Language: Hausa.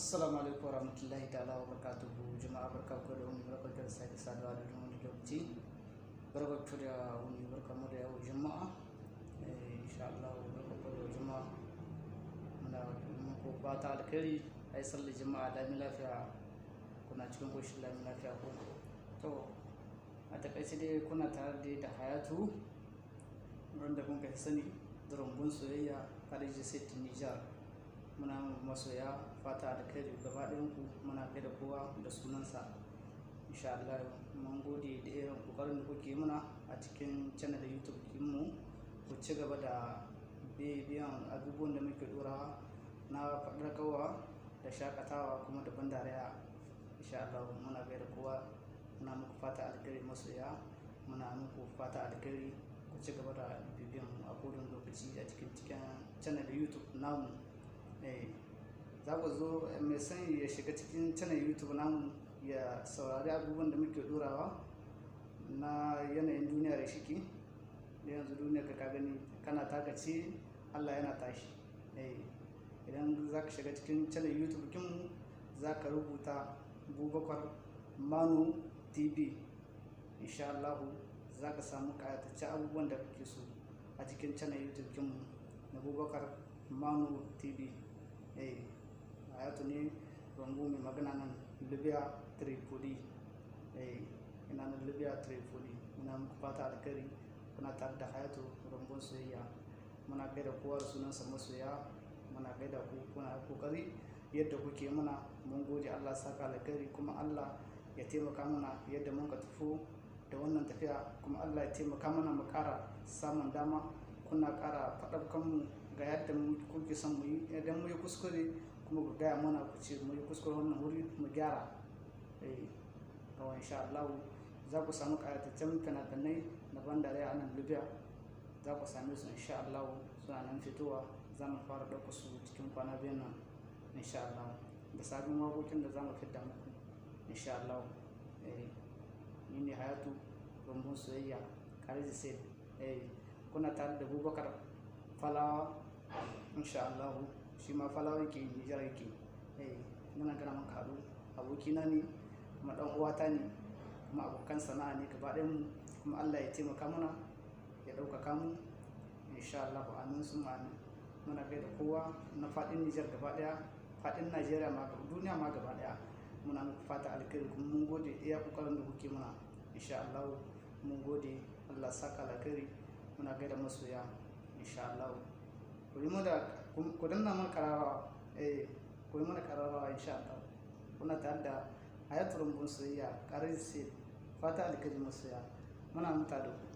assalamu alaikum warahmatullahi ta'ala wa barakatuhu jama'a barkaku da wani barkar sake saduwa da wani lokaci barkatu da wani barkamu da yau jama'a eh, insha Allah barkatu da jama'a muna muku fata alkhairi ai sallar jama'a da mi lafiya kuna cikin koshin lami lafiya ko to a tare da da hayatu wanda kun kai sani durangun soyayya kadai sai Nijar. masoya fata da kai gaba ku muna kai da kowa da sunansa insha Allah mun gode da irin kokarin da kuke muna a cikin channel YouTube mu ku ci gaba da biyan abubuwan da muke dora na kawa da shakatawa kuma da bandariya insha Allah muna da kowa muna muku fata alkhairi masoya muna muku fata alkhairi ku ci gaba da bibiyan a kodin lokaci a cikin cikin channel YouTube namu Hey. Eh. za ku zo mai sani ya shiga cikin canan youtube namu ya saurari abubuwan da muke durawa na yanayin duniya da shiki da yanzu duniya ka gani kana ce, allah yana tashi eh, idan za ka shiga cikin channel youtube kin za ka rubuta bubakar manu tv insha allahu za ka samu kayatacce abubuwan da kake so a cikin channel youtube kin na bubakar manu tv hey. Eh. Ayatonin Rangumi Magananan Libya nan Libya Tripoli. alkari kuna da rumbun Soyayya. Muna gaida kowa da yadda kuke muna mun gode Allah saka alkari kuma Allah ya taimaka mana yadda mun ka tafi da wannan tafiya kuma Allah ya taimaka mana mu kara samun dama kuna kara faɗaɓkan mu ga yadda kuke son mu yi idan mu yi kuskure kuma ku gaya mana ku ce mu yi kuskure wannan wuri mu gyara eh kawai insha Allah za ku samu ƙayataccen fina-finai na ban a nan libya za ku same su insha Allah suna nan fitowa za mu fara ɗauka su cikin kwana biyan nan insha Allah da sabon waƙoƙin da za mu fidda muku insha Allah eh, ni ne hayatu rumbun soyayya kare sai eh, kuna tare da bubakar falawa insha shi ma falawa yake nijar yake eh muna gana man kaɗu abokina ne kuma ɗan uwata ne kuma abokan sana'a ne gaba ɗayan kuma Allah ya taimaka mana ya ɗaukaka mu insha Allah amin ma ne muna gaida kowa na faɗin Nijar gaba ɗaya faɗin Najeriya ma duniya ma gaba ɗaya muna muku fata alkhairi kuma mun gode iya kokarin da kuke muna insha mun gode Allah saka alkhairi muna gaida masoya insha ku yi mana ku mana kararrawa eh ku yi mana insha Allah kuna tare da hayatul bunsiya karin sai fata alkaji muna muta